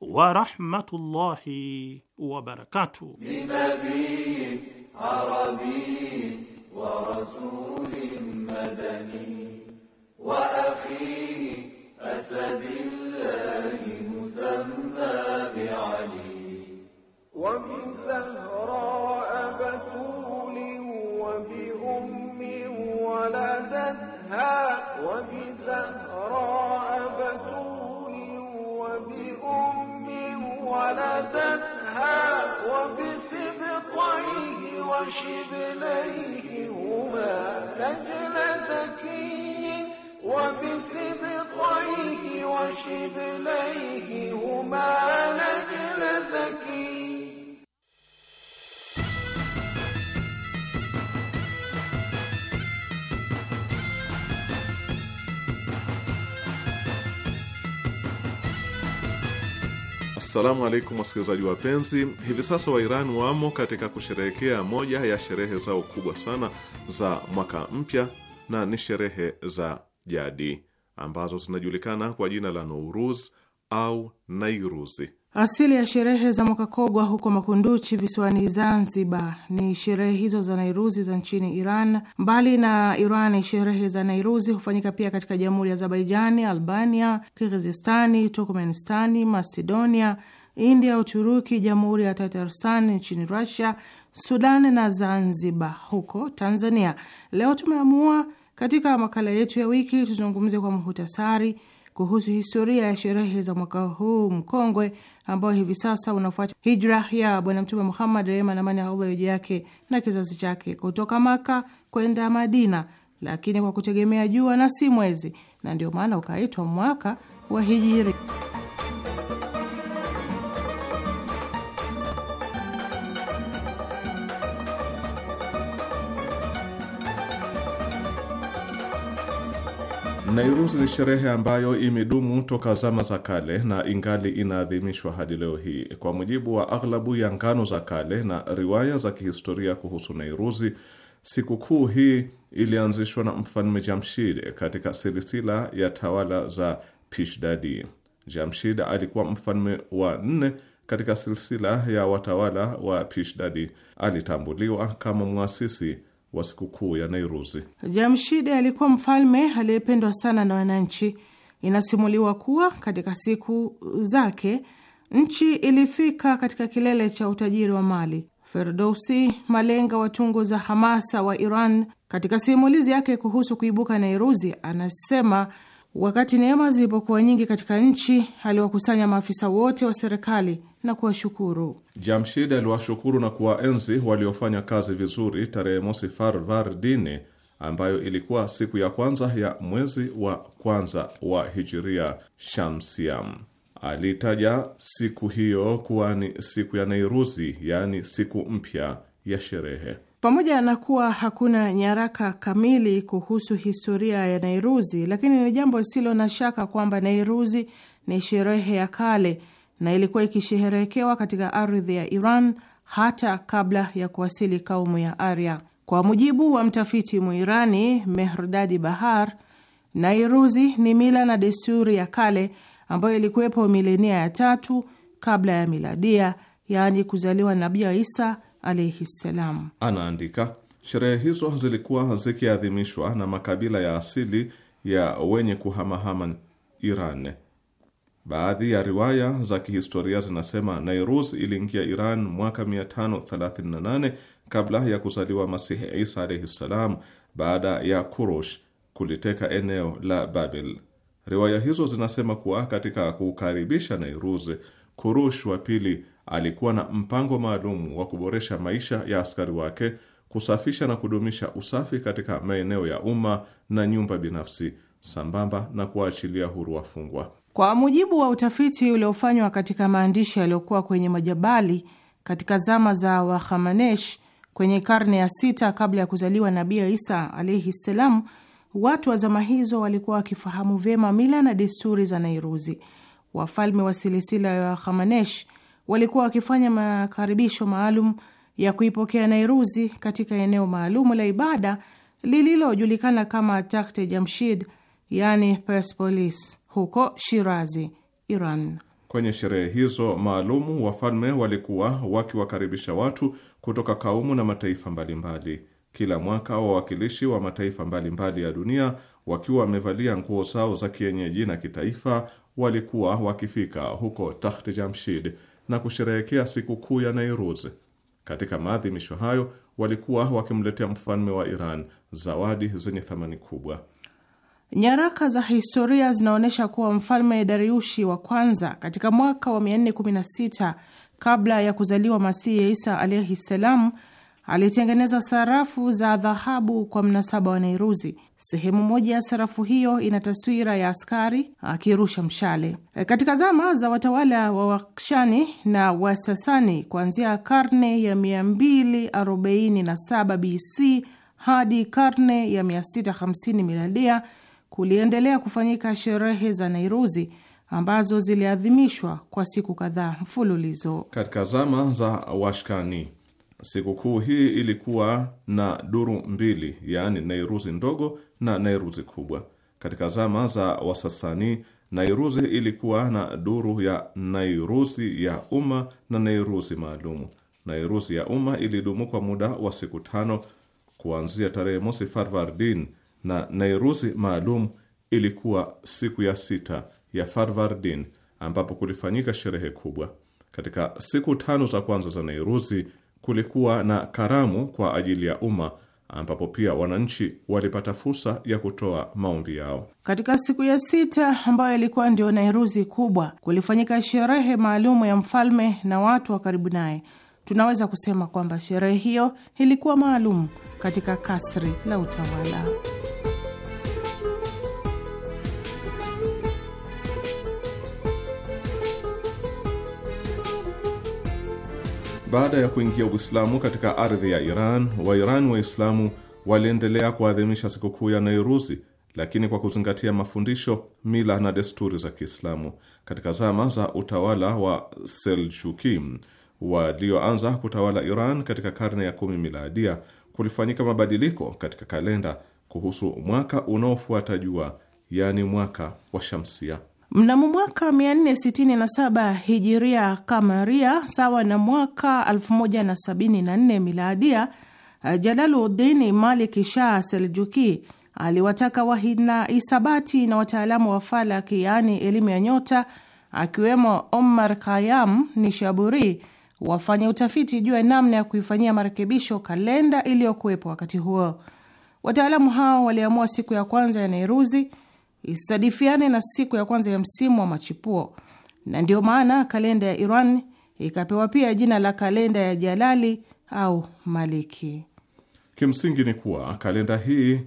warahmatullahi wabarakatuh. وبزهراء بتول وبأم ولدتها وبزهراء بتول وبأم ولدتها وبسبطيه وشبليه هما نجل زكي وبسبطيه وشبليه هما Assalamu alaikum wasikilizaji wapenzi, hivi sasa wairan wamo katika kusherehekea moja ya sherehe zao kubwa sana za mwaka mpya, na ni sherehe za jadi ambazo zinajulikana kwa jina la Nouruz au Nairuzi. Asili ya sherehe za mwaka kogwa huko Makunduchi visiwani Zanzibar ni sherehe hizo za Nairuzi za nchini Iran. Mbali na Irani, sherehe za Nairuzi hufanyika pia katika jamhuri ya Azerbaijani, Albania, Kirgizistani, Turkmenistani, Macedonia, India, Uturuki, jamhuri ya Tatarstan nchini Rusia, Sudan na Zanzibar huko Tanzania. Leo tumeamua katika makala yetu ya wiki tuzungumze kwa muhutasari kuhusu historia ya sherehe za mwaka huu mkongwe ambao hivi sasa unafuata hijra ya Bwana Mtume Muhammad, rehema na amani ya Allah juu yake na kizazi chake, kutoka Maka kwenda Madina, lakini kwa kutegemea jua na si mwezi, na ndio maana ukaitwa mwaka wa Hijiri. Nairuzi ni sherehe ambayo imedumu toka zama za kale na ingali inaadhimishwa hadi leo hii. Kwa mujibu wa aghlabu ya ngano za kale na riwaya za kihistoria kuhusu Nairuzi, sikukuu hii ilianzishwa na Mfalme Jamshid katika silsila ya tawala za Pishdadi. Jamshid alikuwa mfalme wa nne katika silsila ya watawala wa Pishdadi. Alitambuliwa kama mwasisi wa sikukuu ya Nairuzi. Jamshidi alikuwa mfalme aliyependwa sana na wananchi. Inasimuliwa kuwa katika siku zake nchi ilifika katika kilele cha utajiri wa mali. Ferdowsi, malenga wa tungo za hamasa wa Iran, katika simulizi yake kuhusu kuibuka Nairuzi anasema Wakati neema zilipokuwa nyingi katika nchi, aliwakusanya maafisa wote wa serikali na kuwashukuru. Jamshid aliwashukuru na kuwaenzi waliofanya kazi vizuri tarehe mosi Farvardin, ambayo ilikuwa siku ya kwanza ya mwezi wa kwanza wa hijiria shamsiam. Aliitaja siku hiyo kuwa ni siku ya Nairuzi, yaani siku mpya ya sherehe. Pamoja na kuwa hakuna nyaraka kamili kuhusu historia ya Nairuzi, lakini ni jambo lisilo na shaka kwamba Nairuzi ni sherehe ya kale na ilikuwa ikisheherekewa katika ardhi ya Iran hata kabla ya kuwasili kaumu ya Arya. Kwa mujibu wa mtafiti Muirani Mehrdadi Bahar, Nairuzi ni mila na desturi ya kale ambayo ilikuwepo milenia ya tatu kabla ya miladia, yaani kuzaliwa Nabii Isa alaihi ssalam. Anaandika, sherehe hizo zilikuwa zikiadhimishwa na makabila ya asili ya wenye kuhamahama Iran. Baadhi ya riwaya za kihistoria zinasema Nairuz iliingia Iran mwaka 538 kabla ya kuzaliwa Masihi Isa alaihi ssalam, baada ya Kurush kuliteka eneo la Babel. Riwaya hizo zinasema kuwa katika kukaribisha Nairuz, Kurush wa pili alikuwa na mpango maalum wa kuboresha maisha ya askari wake, kusafisha na kudumisha usafi katika maeneo ya umma na nyumba binafsi, sambamba na kuwaachilia huru wafungwa. Kwa mujibu wa utafiti uliofanywa katika maandishi yaliyokuwa kwenye majabali katika zama za Wahamanesh kwenye karne ya sita kabla ya kuzaliwa Nabii Isa alaihi ssalam, watu wa zama hizo walikuwa wakifahamu vyema mila na desturi za Nairuzi. Wafalme wa silisila ya Wahamanesh walikuwa wakifanya makaribisho maalum ya kuipokea Nairuzi katika eneo maalumu la ibada lililojulikana kama Takte Jamshid, yani Persepolis, huko Shirazi, Iran. Kwenye sherehe hizo maalumu, wafalme walikuwa wakiwakaribisha watu kutoka kaumu na mataifa mbalimbali. Kila mwaka wawakilishi wa mataifa mbalimbali ya dunia wakiwa wamevalia nguo zao za kienyeji na kitaifa walikuwa wakifika huko tahte Jamshid na kusherehekea sikukuu ya Nairuzi. Katika maadhimisho hayo walikuwa wakimletea mfalme wa Iran zawadi zenye thamani kubwa. Nyaraka za historia zinaonyesha kuwa mfalme Dariushi wa kwanza katika mwaka wa 416 kabla ya kuzaliwa Masihi Isa alaihi ssalam alitengeneza sarafu za dhahabu kwa mnasaba wa Nairuzi. Sehemu moja ya sarafu hiyo ina taswira ya askari akirusha mshale. E, katika zama za watawala wa Wakshani na Wasasani, kuanzia karne ya 247 BC hadi karne ya 650 miladia, kuliendelea kufanyika sherehe za Nairuzi ambazo ziliadhimishwa kwa siku kadhaa mfululizo. Katika zama za Washkani Sikukuu hii ilikuwa na duru mbili, yaani Nairuzi ndogo na Nairuzi kubwa. Katika zama za Wasasani, Nairuzi ilikuwa na duru ya Nairuzi ya umma na Nairuzi maalumu. Nairuzi ya umma ilidumu kwa muda wa siku tano kuanzia tarehe mosi Farvardin, na Nairuzi maalum ilikuwa siku ya sita ya Farvardin ambapo kulifanyika sherehe kubwa. Katika siku tano za kwanza za Nairuzi kulikuwa na karamu kwa ajili ya umma ambapo pia wananchi walipata fursa ya kutoa maombi yao. Katika siku ya sita ambayo ilikuwa ndio Nairuzi kubwa, kulifanyika sherehe maalumu ya mfalme na watu wa karibu naye. Tunaweza kusema kwamba sherehe hiyo ilikuwa maalum katika kasri la utawala. baada ya kuingia Uislamu katika ardhi ya Iran, Wairani Waislamu waliendelea kuadhimisha sikukuu ya Nairuzi, lakini kwa kuzingatia mafundisho, mila na desturi za Kiislamu. Katika zama za utawala wa Seljuki walioanza kutawala Iran katika karne ya kumi miladia, kulifanyika mabadiliko katika kalenda kuhusu mwaka unaofuata jua, yaani mwaka wa Shamsia. Mnamo mwaka 467 hijiria kamaria, sawa na mwaka 1074 miladia, Jalaluddin Malik Shah Seljuki aliwataka wahina isabati na wataalamu wa falaki, yaani elimu ya nyota, akiwemo Omar ni Nishaburi wafanye utafiti juu ya namna ya kuifanyia marekebisho kalenda iliyokuwepo wakati huo. Wataalamu hao waliamua siku ya kwanza ya Nairuzi isadifiane na siku ya kwanza ya msimu wa machipuo, na ndiyo maana kalenda ya Iran ikapewa pia jina la kalenda ya Jalali au Maliki. Kimsingi ni kuwa kalenda hii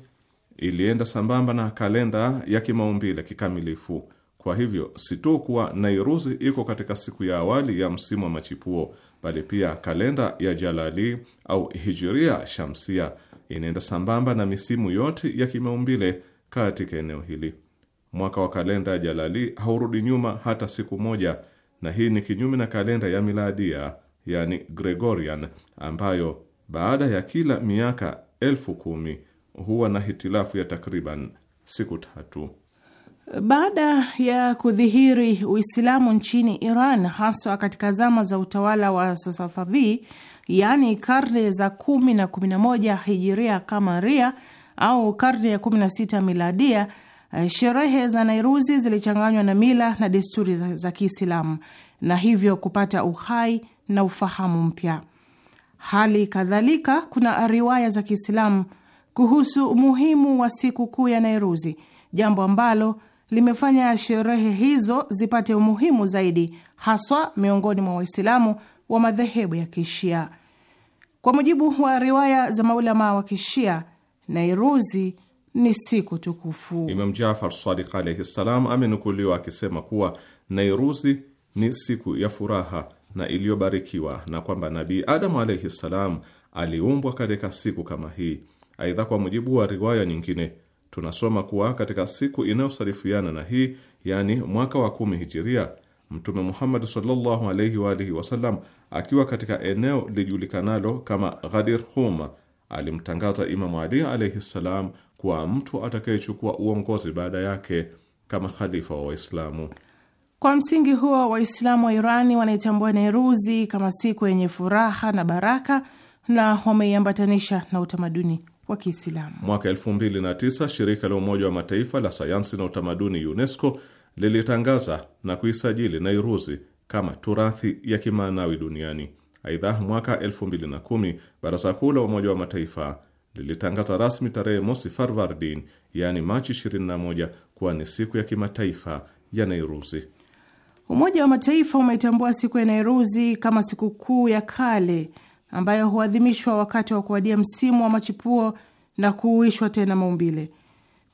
ilienda sambamba na kalenda ya kimaumbile kikamilifu. Kwa hivyo si tu kuwa Nairuzi iko katika siku ya awali ya msimu wa machipuo, bali pia kalenda ya Jalali au Hijiria Shamsia inaenda sambamba na misimu yote ya kimaumbile katika eneo hili. Mwaka wa kalenda ya Jalali haurudi nyuma hata siku moja, na hii ni kinyume na kalenda ya miladia, yani Gregorian, ambayo baada ya kila miaka elfu kumi huwa na hitilafu ya takriban siku tatu. Baada ya kudhihiri Uislamu nchini Iran, haswa katika zama za utawala wa Sasafavi, yaani karne za kumi na kumi na moja hijiria kamaria au karne ya kumi na sita miladia Eh, sherehe za Nairuzi zilichanganywa na mila na desturi za, za Kiislamu na hivyo kupata uhai na ufahamu mpya. Hali kadhalika kuna riwaya za Kiislamu kuhusu umuhimu wa siku kuu ya Nairuzi, jambo ambalo limefanya sherehe hizo zipate umuhimu zaidi, haswa miongoni mwa Waislamu wa madhehebu ya Kishia. Kwa mujibu wa riwaya za maulama wa Kishia, Nairuzi ni siku tukufu. Imam Jafar Sadiq alaihi ssalam amenukuliwa akisema kuwa Nairuzi ni siku ya furaha na iliyobarikiwa na kwamba Nabii Adamu alaihi ssalam aliumbwa katika siku kama hii. Aidha, kwa mujibu wa riwaya nyingine tunasoma kuwa katika siku inayosarifiana na hii, yaani mwaka wa kumi hijiria, Mtume Muhammad sallallahu alaihi wa alihi wasallam akiwa katika eneo lijulikanalo kama Ghadir huma alimtangaza Imamu Ali alaihi ssalam kwa mtu atakayechukua uongozi baada yake kama khalifa wa Waislamu. Kwa msingi huo, Waislamu wa Irani wanaitambua Neruzi kama siku yenye furaha na baraka na wameiambatanisha na utamaduni wa Kiislamu. Mwaka tisa shirika la Umoja wa Mataifa la sayansi na utamaduni UNESCO lilitangaza na kuisajili Nairuzi kama turathi ya kimaanawi duniani. Aidha, mwaka kumi baraza kuu la Umoja wa Mataifa lilitangaza rasmi tarehe mosi Farvardin, yaani Machi 21 kuwa ni siku ya kimataifa ya Nairuzi. Umoja wa Mataifa umetambua siku ya Nairuzi kama siku kuu ya kale ambayo huadhimishwa wakati wa kuadia msimu wa machipuo na kuuishwa tena maumbile.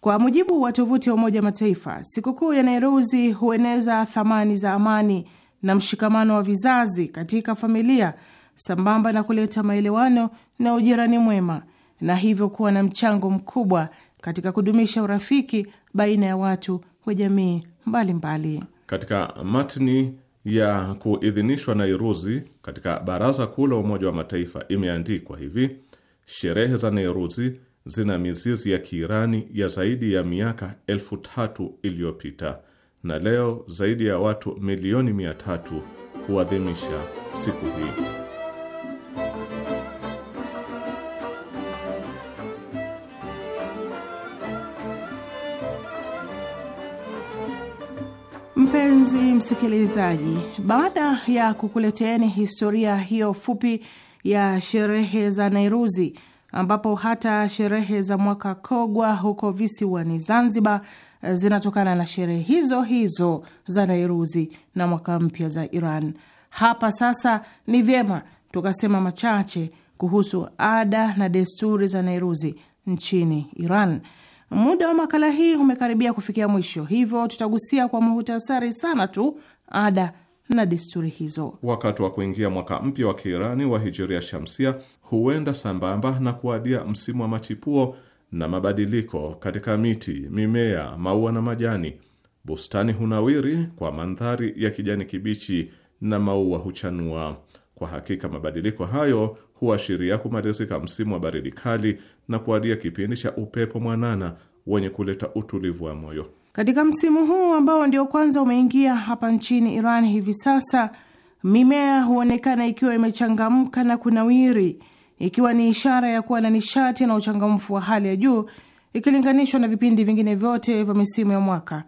Kwa mujibu wa tovuti ya Umoja wa Mataifa, sikukuu ya Nairuzi hueneza thamani za amani na mshikamano wa vizazi katika familia sambamba na kuleta maelewano na ujirani mwema na hivyo kuwa na mchango mkubwa katika kudumisha urafiki baina ya watu wa jamii mbalimbali. Katika matni ya kuidhinishwa Nairuzi katika Baraza Kuu la Umoja wa Mataifa imeandikwa hivi: sherehe za Nairuzi zina mizizi ya Kiirani ya zaidi ya miaka elfu tatu iliyopita na leo zaidi ya watu milioni mia tatu huadhimisha siku hii. Mpenzi msikilizaji, baada ya kukuleteeni historia hiyo fupi ya sherehe za Nairuzi, ambapo hata sherehe za mwaka Kogwa huko visiwani Zanzibar eh, zinatokana na sherehe hizo hizo za Nairuzi na mwaka mpya za Iran. Hapa sasa ni vyema tukasema machache kuhusu ada na desturi za Nairuzi nchini Iran. Muda wa makala hii umekaribia kufikia mwisho, hivyo tutagusia kwa muhtasari sana tu ada na desturi hizo. Wakati wa kuingia mwaka mpya wa Kiirani wa hijiria shamsia huenda sambamba na kuadia msimu wa machipuo na mabadiliko katika miti, mimea, maua na majani. Bustani hunawiri kwa mandhari ya kijani kibichi na maua huchanua kwa hakika mabadiliko hayo huashiria kumalizika msimu wa baridi kali na kuadia kipindi cha upepo mwanana wenye kuleta utulivu wa moyo. Katika msimu huu ambao ndio kwanza umeingia hapa nchini Iran hivi sasa, mimea huonekana ikiwa imechangamka na kunawiri, ikiwa ni ishara ya kuwa na nishati na uchangamfu wa hali ya juu ikilinganishwa na vipindi vingine vyote vya misimu ya mwaka.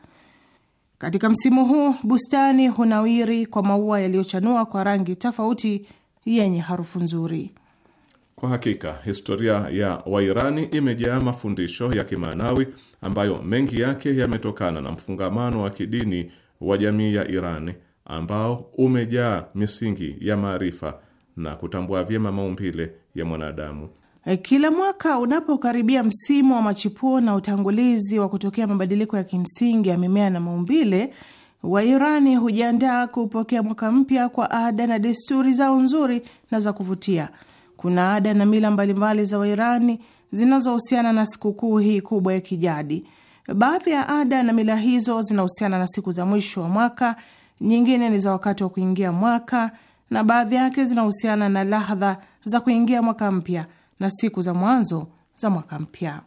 Katika msimu huu bustani hunawiri kwa maua yaliyochanua kwa rangi tofauti yenye harufu nzuri. Kwa hakika historia ya Wairani imejaa mafundisho ya kimaanawi ambayo mengi yake yametokana na mfungamano wa kidini wa jamii ya Irani ambao umejaa misingi ya maarifa na kutambua vyema maumbile ya mwanadamu. E, kila mwaka unapokaribia msimu wa machipuo na utangulizi wa kutokea mabadiliko ya kimsingi ya mimea na maumbile, Wairani hujiandaa kupokea mwaka mpya kwa ada na desturi zao nzuri na za kuvutia. Kuna ada na mila mbalimbali za Wairani zinazohusiana na sikukuu hii kubwa ya kijadi. Baadhi ya ada na mila hizo zinahusiana na siku za mwisho wa mwaka, nyingine ni za wakati wa kuingia mwaka, na baadhi yake zinahusiana na lahadha za kuingia mwaka mpya na siku za mwanzo za mwaka mpya.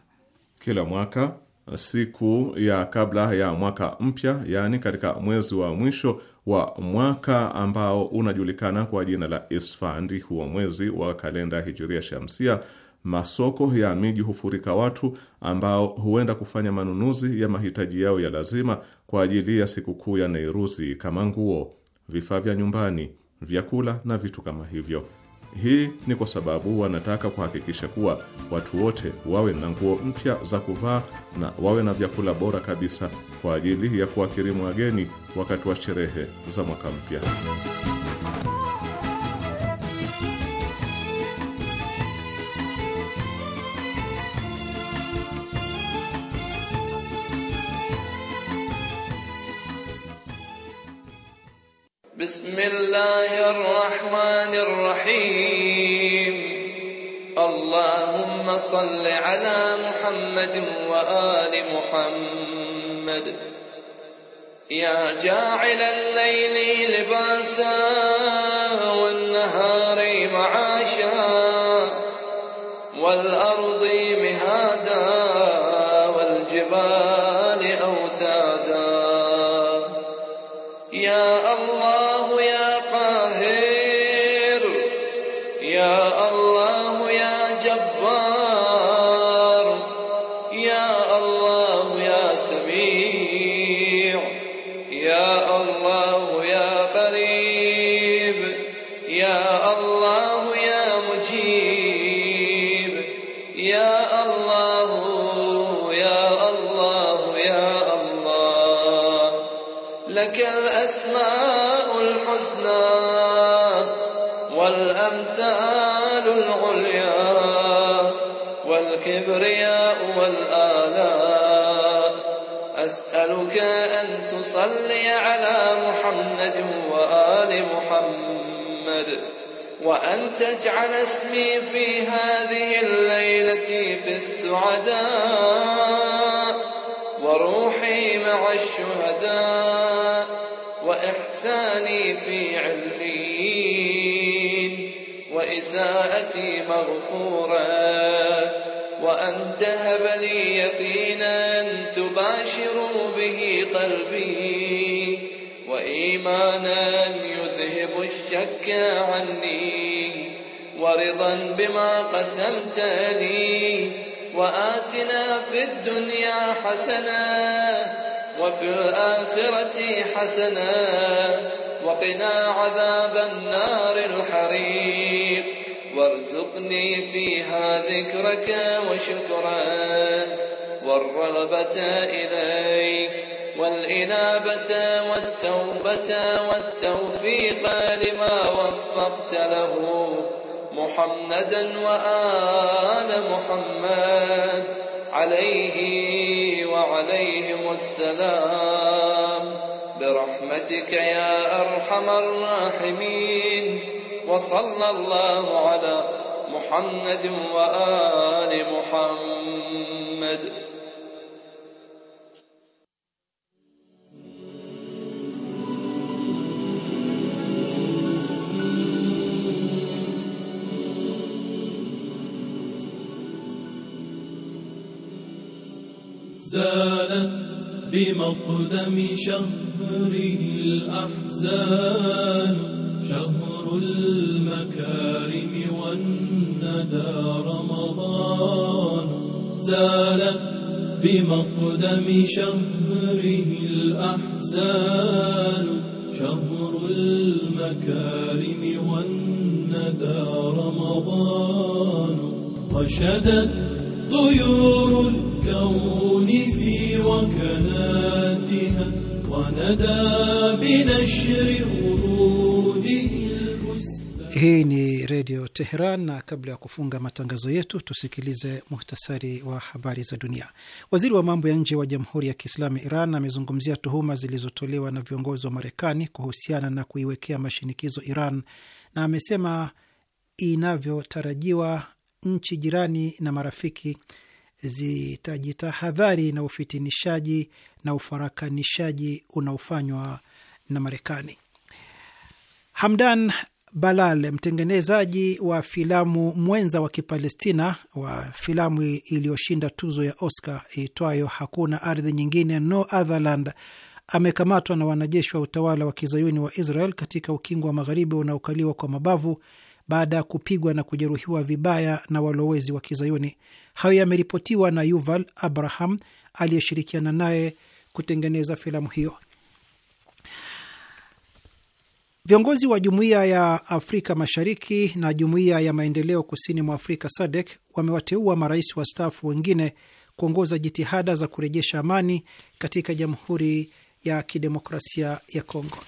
Kila mwaka siku ya kabla ya mwaka mpya, yaani katika mwezi wa mwisho wa mwaka ambao unajulikana kwa jina la Isfandi, huo mwezi wa kalenda hijiria shamsia, masoko ya miji hufurika watu ambao huenda kufanya manunuzi ya mahitaji yao ya lazima kwa ajili ya sikukuu ya neiruzi kama nguo, vifaa vya nyumbani, vyakula na vitu kama hivyo. Hii ni kwa sababu wanataka kuhakikisha kuwa watu wote wawe na nguo mpya za kuvaa na wawe na vyakula bora kabisa kwa ajili ya kuwakirimu wageni wakati wa sherehe za mwaka mpya. اللهم صل على محمد وآل محمد يا جاعل الليل لباسا والنهار معاشا والأرض الكبرياء والآلاء أسألك أن تصلي على محمد وآل محمد وأن تجعل اسمي في هذه الليلة في السعداء وروحي مع الشهداء وإحساني في عليين وإساءتي مغفورا وأن تهب لي يقينا تباشر به قلبي وإيمانا يذهب الشك عني ورضا بما قسمت لي وآتنا في الدنيا حسناً وفي الآخرة حسنا وقنا عذاب النار الحريم وارزقني فيها ذكرك وشكرك والرغبة إليك والإنابة والتوبة والتوفيق لما وفقت له محمدا وآل محمد عليه وعليهم السلام برحمتك يا أرحم الراحمين وصلى الله على محمد وآل محمد زالت بمقدم شهره الأحزان شهر المكارم والندى رمضان زالت بمقدم شهره الأحزان شهر المكارم والندى رمضان وشدت طيور الكون في وكناتها وندى بنشر Hii ni Redio Teheran, na kabla ya kufunga matangazo yetu tusikilize muhtasari wa habari za dunia. Waziri wa mambo ya nje wa Jamhuri ya Kiislamu Iran amezungumzia tuhuma zilizotolewa na viongozi wa Marekani kuhusiana na kuiwekea mashinikizo Iran, na amesema inavyotarajiwa nchi jirani na marafiki zitajitahadhari na ufitinishaji na ufarakanishaji unaofanywa na Marekani. Hamdan Balal, mtengenezaji wa filamu mwenza wa Kipalestina wa filamu iliyoshinda tuzo ya Oscar iitwayo Hakuna Ardhi Nyingine, No Other Land, amekamatwa na wanajeshi wa utawala wa kizayuni wa Israel katika ukingo wa magharibi unaokaliwa kwa mabavu baada ya kupigwa na kujeruhiwa vibaya na walowezi wa kizayuni. Hayo yameripotiwa na Yuval Abraham aliyeshirikiana naye kutengeneza filamu hiyo. Viongozi wa Jumuiya ya Afrika Mashariki na Jumuiya ya Maendeleo Kusini mwa Afrika SADC wamewateua marais wastaafu wengine kuongoza jitihada za kurejesha amani katika Jamhuri ya Kidemokrasia ya Kongo.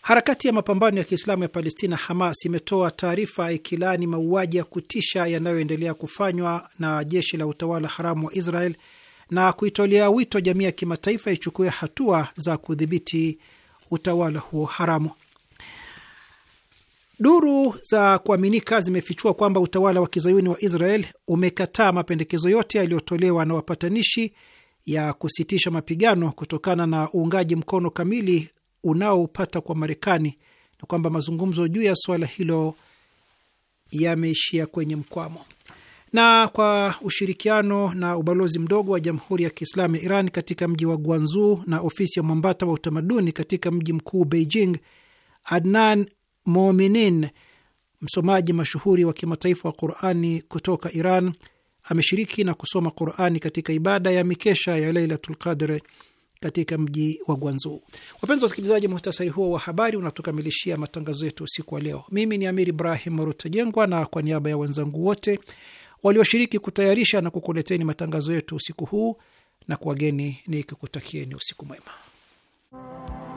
Harakati ya mapambano ya Kiislamu ya Palestina, Hamas, imetoa taarifa ikilaani mauaji ya kutisha yanayoendelea kufanywa na jeshi la utawala haramu wa Israel na kuitolea wito jamii ya kimataifa ichukue hatua za kudhibiti utawala huo haramu. Duru za kuaminika zimefichua kwamba utawala wa kizayuni wa Israel umekataa mapendekezo yote yaliyotolewa na wapatanishi ya kusitisha mapigano kutokana na uungaji mkono kamili unaopata kwa Marekani na kwamba mazungumzo juu ya suala hilo yameishia kwenye mkwamo na kwa ushirikiano na ubalozi mdogo wa Jamhuri ya Kiislamu ya Iran katika mji wa Guangzhou na ofisi ya mwambata wa utamaduni katika mji mkuu Beijing, Adnan Mominin, msomaji mashuhuri wa kimataifa wa Qurani kutoka Iran, ameshiriki na kusoma Qurani katika ibada ya mikesha ya Lailatul Qadr katika mji wa Guangzhou. Wapenzi wasikilizaji, muhtasari huo wa habari unatukamilishia matangazo yetu usiku wa leo. Mimi ni Amir Ibrahim Rutajengwa, na kwa niaba ya wenzangu wote walioshiriki kutayarisha na kukuleteni matangazo yetu usiku huu, na kuwageni nikikutakieni usiku mwema.